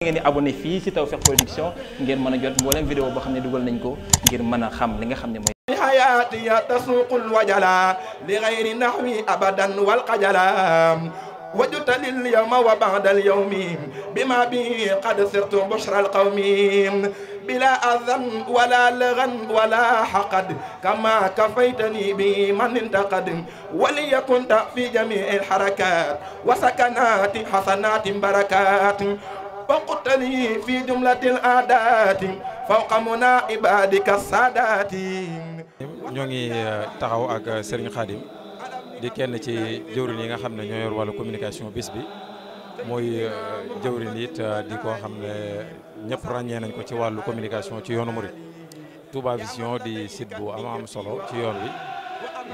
ngeen di abonné fii ci Tawfekh Production ngeen mën a jot mboolem vidéo boo xam ne dugal nañ ko ngir mën a xam li nga xam ne mooy حياتي تسوق الوجلا لغير نحوي أبدا والقجلا وجدت لليوم وبعد اليوم بما به قد صرت بشرى القوم بلا أذن ولا لغن ولا حقد كما كفيتني بمن انتقد وليكن في جميع الحركات وسكنات حسنات بركات فقتني في جملة الأعداد فوق منا عبادك السادات ñoo ngi euh, taxaw ak euh, Serigne Khadim di kenn ci jëwriñ yi nga xam ne ñoo yor wàllu communication bis bi mooy euh, jëwriñ yit di koo xam ne ñëpp ràññee nañ ko ci wàllu communication ci yoonu murid Touba di site bu am am solo ci yoon wi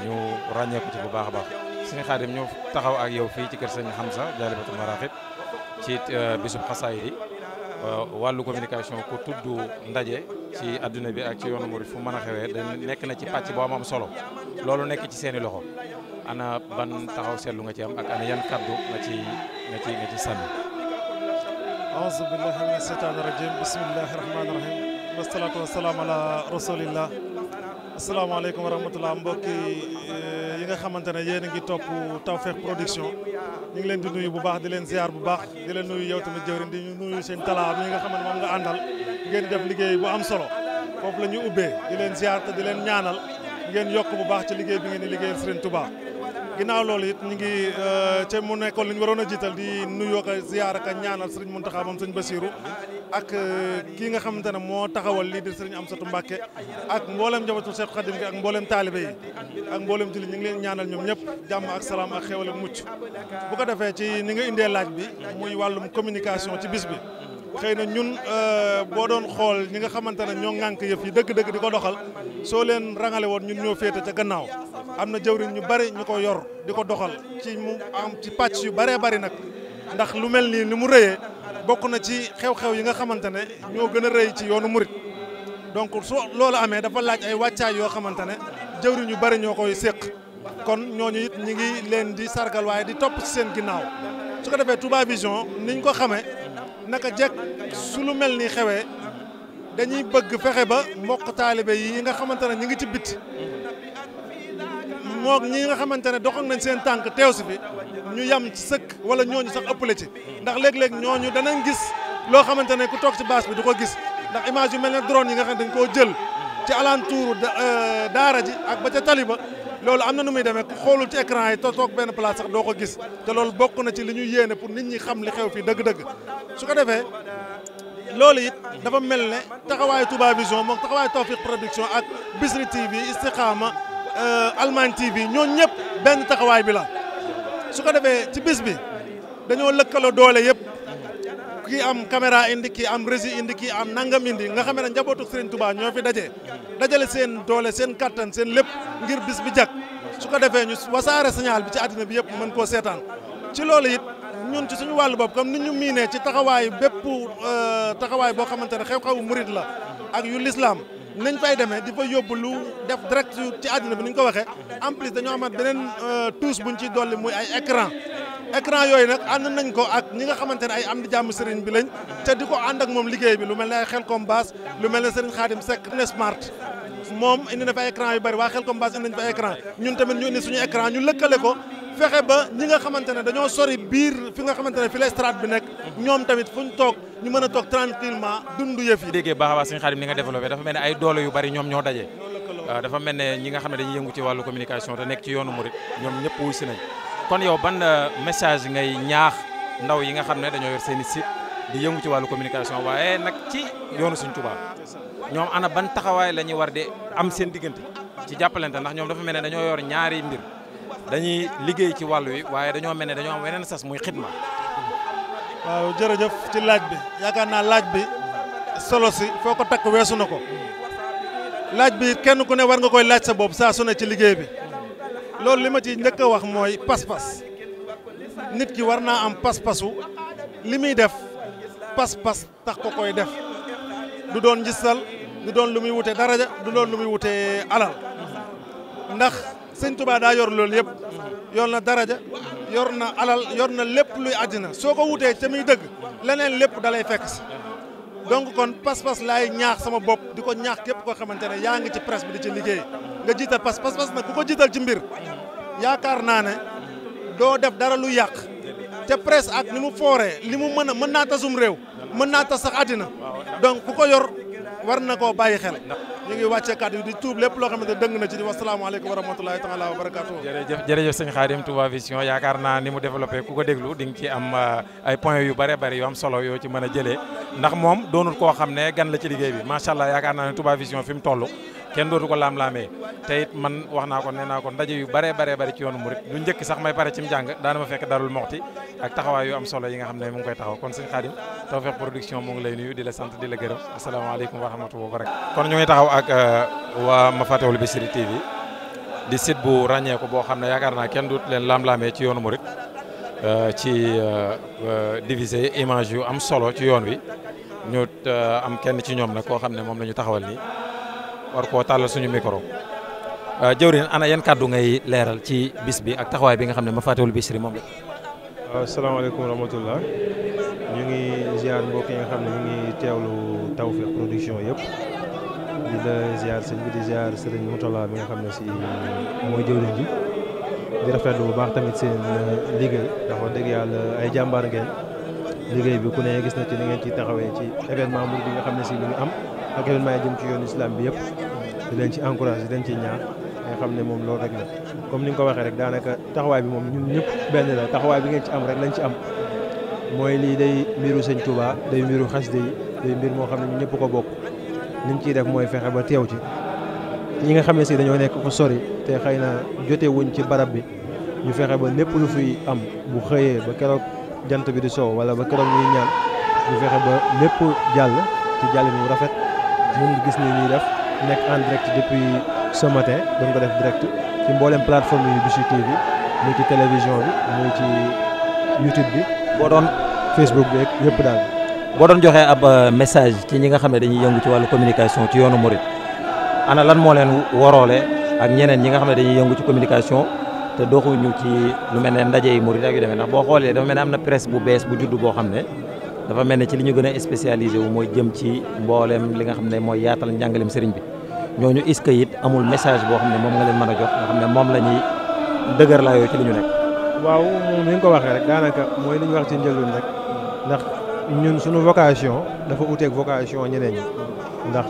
ñu ràññee ko ci bu baax a baax Serigne Khadim ñoo taxaw ak yow fii ci kër Serigne Hamza Jaalibatul Maraaxib ci euh, bisub xasaayid yi euh, wàllu communication ku tudd ndaje ci àdduna bi ak ci yoonu murid fu mën a xewee da nekk na ci pàcc bu am am solo loolu nekk ci seeni loxo ana ban taxaw seetlu nga ci am ak ana yan kaddu nga ci nga ci nga ci sànni aouzu billahi mina sheytaani rajim bismillahi rahmaani rahim wasalaatu wasalaam ala rasulillah yi nga xamante ne yéen a ngi topp Tawfekh Production ñu ngi leen di nuyu bu baax di leen ziar bu baax di leen nuyu yow tamit jëwriñ di nuyu seen talaa mi nga xam ne moom nga àndal ngeen def liggéey bu am solo foofu la ñu ubbee di leen ziar te di leen ñaanal ngeen yokk bu baax ci liggéey bi ngeen di liggéeyal Serigne Touba ginnaaw loolu it ñu ngi euh, ca mu nekkoon li ñu waroon a jiital di nuyoo ko ziyaar ak ñaanal sëriñ Muntaxa moom sëriñ Basiiru ak euh, kii nga xamante ne moo taxawal lii di am satu Mbàkke ak mboolem njabootu Seex Xaadim gi ak mboolem taalibe yi ak mboolem julli ñu ngi leen ñaanal ñoom ñëpp jàmm ak salaam ak xéwal ak mucc bu ko defee ci ni nga indee laaj bi muy wàllum communication ci bis bi xëy na ñun euh, boo doon xool ñi nga xamante ne ñoo ŋànk yëf yi dëgg-dëgg di ko doxal soo leen rangale woon ñun ñoo féete ca gannaaw am na jëwriñ ñu bari ñu ko yor di ko doxal ci mu am ci pàcc yu baree bari nag ndax lu mel nii ni mu rëyee bokk na ci xew-xew yi nga xamante ne ñoo gën a rëy ci yoonu murit donc su loolu amee dafa laaj ay wàccaay yoo xamante ne jëwriñ yu bari ñoo koy séq kon ñooñu it ñi ngi leen di sargal waaye di topp ci seen ginnaaw su ko defee Touba Vision niñ ko xamee naka jekk su lu mel ni xewee dañuy bëgg fexe ba mbokk taalibe yi nga xamante ne ñu ngi ci bit moo ñi nga xamante ne doxal nañ seen tànk teew si fi ñu yam ci sëkk wala ñooñu sax ëpple ci ndax léeg-léeg ñooñu danañ gis loo xamante ne ku toog ci baas bi du ko gis ndax image yu mel ne drone yi nga xam ne dañ koo jël ci alentour euh, daara ji ak ba ca taliba loolu am na nu muy demee ku xoolul ci écran yi toog benn place sax doo ko gis te loolu bokk na ci li ñu yéene pour nit ñi xam li xew fii dëgg-dëgg su ko defee loolu it dafa mel ne taxawaayu Touba Vision moom taxawaayu Tawfekh Production ak Bichri TV Istikhama euh, Allemagne TV ñoo ñëpp benn taxawaay bi la su ko defee ci bis bi dañoo lëkkaloo doole yëpp. kii am caméra indi kii am régie indi kii am nangam indi nga xam ne njabootu Serigne Touba ñoo fi daje dajale seen doole seen kattan seen lépp ngir bis bi jag su ko defee ñu wasaare signal bi ci àddina bi yëpp mën koo seetaan ci loolu it ñun ci suñu wàllu bopp comme ni ñu miinee ci taxawaayu bépp euh, taxawaay boo xamante ne xew-xewu murit la ak yu lislaam nañ fay demee di fa yóbbu lu def direct ci àddina bi ni ñu ko waxee en plus dañoo amat beneen euh, touche buñ ciy dolli muy ay écran écran yooyu nag ànd nañ ko ak ñi nga xamante ne ay am di jàmm sëriñ bi lañ te di ko ànd ak moom liggéey bi lu mel ne ay Xelkom Baas lu mel ne sëriñ Xaadim sekk ne smart moom indi na fa écran yu bari waa Xelkom Baas indi nañ fa écran ñun tamit ñu indi suñu écran ñu lëkkale ko fexe ba ñi nga xamante ne dañoo sori biir fi nga xamante ne fi la bi nekk ñoom tamit fu ñu toog ñu mën a toog tranquillement dund yëf yi déggee baax a baax sëñ Xaadim nga développé dafa mel ay doole yu bari ñoom ñoo daje waaw euh, dafa mel ne ñi nga xam ne dañu yëngu ci wàllu communication te nekk ci yoonu rek ñoom ñëpp wuy si nañ kon yow ban euh, message ngay ñaax ndaw yi nga xam ne dañoo yor seen i site di yëngu ci wàllu communication waaye nag ci yoonu suñ tubaab ñoom ana ban taxawaay la ñuy war di am seen diggante ci jàppalante ndax ñoom dafa mel ne dañoo yor ñaari mbir dañuy liggéey ci wàll wi waaye dañoo mel ne dañoo am weneen sas muy xidma waaw jërëjëf ci laaj bi yaakaar naa laaj bi solo si foo ko takk weesu na ko laaj bi kenn ku ne war nga koy laaj sa boobu saa su ne ci liggéey bi loolu li ma ci njëkk wax mooy pas-pas nit ki war naa am pas-pasu li muy def pas-pas tax ko koy def du doon ngistal du doon lu muy wute daraja du doon lu muy wute alal ndax sëñ Tuubaa daa yor loolu yëpp yor na daraja yor na alal yor na lépp luy àddina soo ko wutee ca muy dëgg leneen lépp dalay fekk si donc kon pas-pas laay ñaax sama bopp di ko ñaax képp koo xamante ne yaa ngi ci presse bi di ci liggéey nga jiital pas pas-pas nag ku ko jiital ci mbir yaakaar naa ne doo def dara lu yàq ca presse ak ni mu fooree li mu mën a mën naa tasum réew mën naa tas sax àddina donc ku ko yor war na koo bàyyi xel ñu ngi wàccee kàddu yi di tuub lépp loo xamante dëng na ci di wa salaamaaleykum wa rahmatulahi taala wa barakaatu jërëjëf jërëjëf sëñ Khadim Touba Vision yaakaar naa ni mu développé ku ko déglu di nga ci am euh, ay points yu bare bari yu am solo yoo ci mën a jëlee ndax moom doonul koo xam ne gan la ci liggéey bi macha allah yaakaar naa ne Touba Vision fi mu toll kenn dootu ko laam-laamee te man wax naa ko nee naa ko ndaje yu bare bare bare ci yoonu murit lu njëkk sax may pare ci mu jàng daana ma fekk darul moxti ak taxawaay am solo yi nga xam ne mu ngi koy taxaw kon sëñ Xaadim Tawfekh Production mu lay nuyu di la sant di la gërëm asalaamaaleykum wa rahmatullahi wa barakatuh kon ñu ngi taxaw ak euh, waa Mafatihul Bichri TV di site bu ràññeeku boo xam ne yaakaar naa kenn du leen laam-laamee ci yoonu murit euh, ci euh, diviser image yu am solo ci yoon wi ñu am kenn ci ñoom nag koo xam ne moom la ñu taxawal nii war koo tàllal suñu micro Euh, jëwrin ana yan kàddu ngay leeral ci bis bi ak taxawaay bi nga xam ne ma fàttewul Bichri moom la. waaw asalaamaaleykum wa rahmatullah ngi ziar mbokk nga xam ne ñu ngi teewlu Production yëpp di la ziar sëñ bi di ziar sëriñ mi nga xam ne si mooy jëwrin ji di rafetlu bu baax tamit seen euh, liggéey ndax dëgg yàlla ay jàmbaar ngeen bi ku ne gis na ci ni ngeen ciy taxawee ci événement bi nga xam ne si am ak événement yi jëm ci yoonu islam bi yëpp di leen ci encouragé di leen ci ñaar. nga xam ne moom loo rek la comme ni nga ko waxee rek daanaka taxawaay bi moom ñun ñëpp benn la taxawaay bi ngeen ci am rek lañ ci am mooy lii day mbiru sëñ Touba day mbiru xasida yi day mbir moo xam ne ñun ñëpp ko bokk liñ ciy def mooy fexe ba teew ci ñi nga xam ne si dañoo nekk ko sori te xëy na jote ci barab bi ñu fexe ba lépp lu fiy am bu xëyee ba keroog jant bi di soow wala ba keroog ñuy ñaan ñu fexe ba lépp jàll ci jàll mu rafet mun gis ce matin doon ko def direct ci mboolem plateforme yi Bichri TV muy ci télévision bi muy ci YouTube bi boo doon Facebook bi yëpp daal. boo doon joxee ab euh, message ci ñi nga xam ne dañuy yëngu ci wàllu communication ci yoonu Mouride ana lan moo leen waroole ak ñeneen ñi nga xam ne dañuy yëngu ci communication te doxuñu ci lu mel ne ndaje yi Mouride ak yu demee ndax boo xoolee dafa mel ne am na presse bu bees bu juddu boo xam ne. dafa mel ne ci li ñu gën a spécialisé wu mooy jëm ci mboolem li nga xam ne mooy yaatal njàngalem sëriñ bi ñooñu est-ce amul message boo xam ne moom nga leen mën a jox xam ne moom la ñuy dëgër laa yoo ci lu ñu nekk. waaw moom ni nga ko waxee rek daanaka mooy li ñu wax ci njëlbeen rek ndax ñun suñu vocation dafa uteeg vocation ñeneen ñi ndax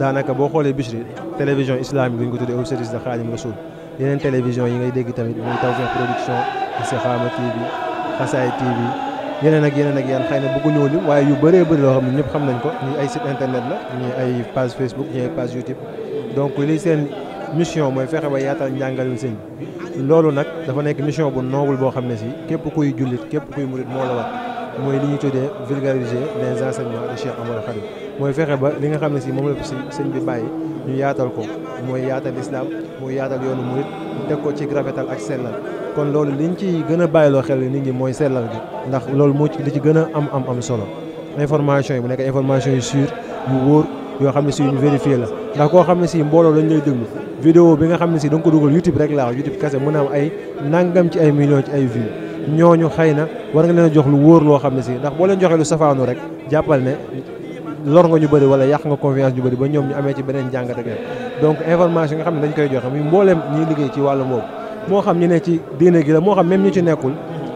daanaka boo xoolee Bichri télévision islamique bi ko tuddee au service de Khadim Rassoul yeneen télévision yi ngay dégg tamit muy Tawfekh Production Istikhama TV Xasaay TV. yeneen ak yeneen ak yeneen xëy na bëgguñoo lim waaye yu bëree bëri loo xam ne ñëpp xam ko ñii ay site internet la ñii ay page Facebook ñii page YouTube donc lii seen mission mooy fexe ba yaatal njàngalul sëñ loolu nag dafa nekk mission bu noble boo xam ne si képp kuy jullit képp kuy murit moo la war mooy li ñu tuddee vulgariser les enseignements de Cheikh Amadou mooy fexe ba li nga xam ne si moom la si sëñ bi bàyyi ñu yaatal ko mooy yaatal islam mooy yaatal yoonu murit teg ko ci rafetal ak sellal kon loolu liñ ci gën a bàyyiloo xel nit ñi mooy sellal bi ndax loolu moo ci li ci gën a am am am solo information yi mu nekk information yi sûr yu wóor yoo xam ne si ñu la ndax koo xam ne si mbooloo lañ lay déglu vidéo bi nga xam ne si da nga ko dugal YouTube rek laa YouTube kese mën am ay nangam ci ay millions ci ay vues ñu xëy na war nga leen a jox lu wóor loo xam ne si ndax boo leen joxee lu safaanu rek jàppal ne lor nga ñu bëri wala yàq nga confiance ñu bëri ba ñoom ñu amee ci beneen jàngat ak donc information nga xam ne dañ koy joxe muy mbooleem ñuy liggéey ci wàllu boobu moo xam ñu ne ci diine gi la moo xam ñu ci nekkul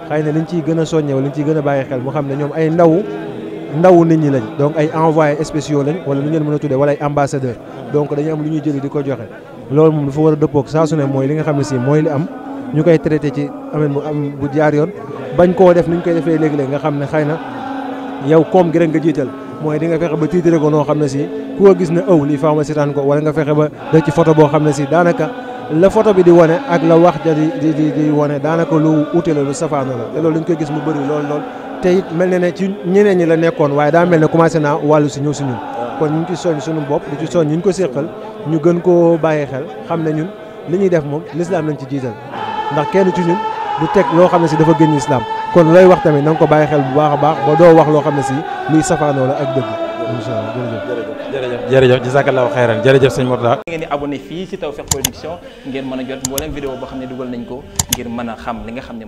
xëy na liñ ciy gën a soññe wala ciy gën a bàyyi xel moo xam ne ñoom ay ndaw ndawu nit ñi lañ donc ay envoyé spéciaux lañ wala lu ngeen mën a tuddee wala ay ambassadeur donc dañu ñuy jëli di ko joxe loolu moom dafa war a dëppoog saa su ne mooy li nga xam ne si mooy li am ñu koy traité ci amee bu am bu jaar yoon bañ koo def ni ñu koy defee léegi-léegi nga xam ne xëy na yow koom gi rek nga jiital mooy di nga fexe ba tiitre ko noo xam ne si ku ko gis ne ëw lii faaw seetaan ko wala nga fexe ba def ci photo boo xam ne si daanaka la foto bi di wane ak la wax ja di di di di wane daanaka lu ute la lu safaano la te loolu li koy gis mu bëri lool lool te it mel ne ne ci ñeneen ñi la nekkoon waaye daa mel ne commencé naa wàllu si ñëw si ñun kon ñu ngi ci soñ suñu bopp di ci soñ ñu ko séqal ñu gën koo bàyyi xel xam ne ñun li ñuy def moom lislaam lañ ci jiital ndax kenn ci ñun du teg loo xam ne si dafa génn islam kon looy wax tamit na ko bàyyi xel bu baax a baax boo doo wax loo xam ne si luy safaanoo la ak dëgg incha allah jërëjëf jërëjëf jërëjëf jazakallahu xayran jërëjëf sëñ Mortada ngeen di abonné fii si Tawfekh Production ngeen mën a jot mboolem vidéo boo xam ne dugal nañ ko ngir mën a xam li nga xam ne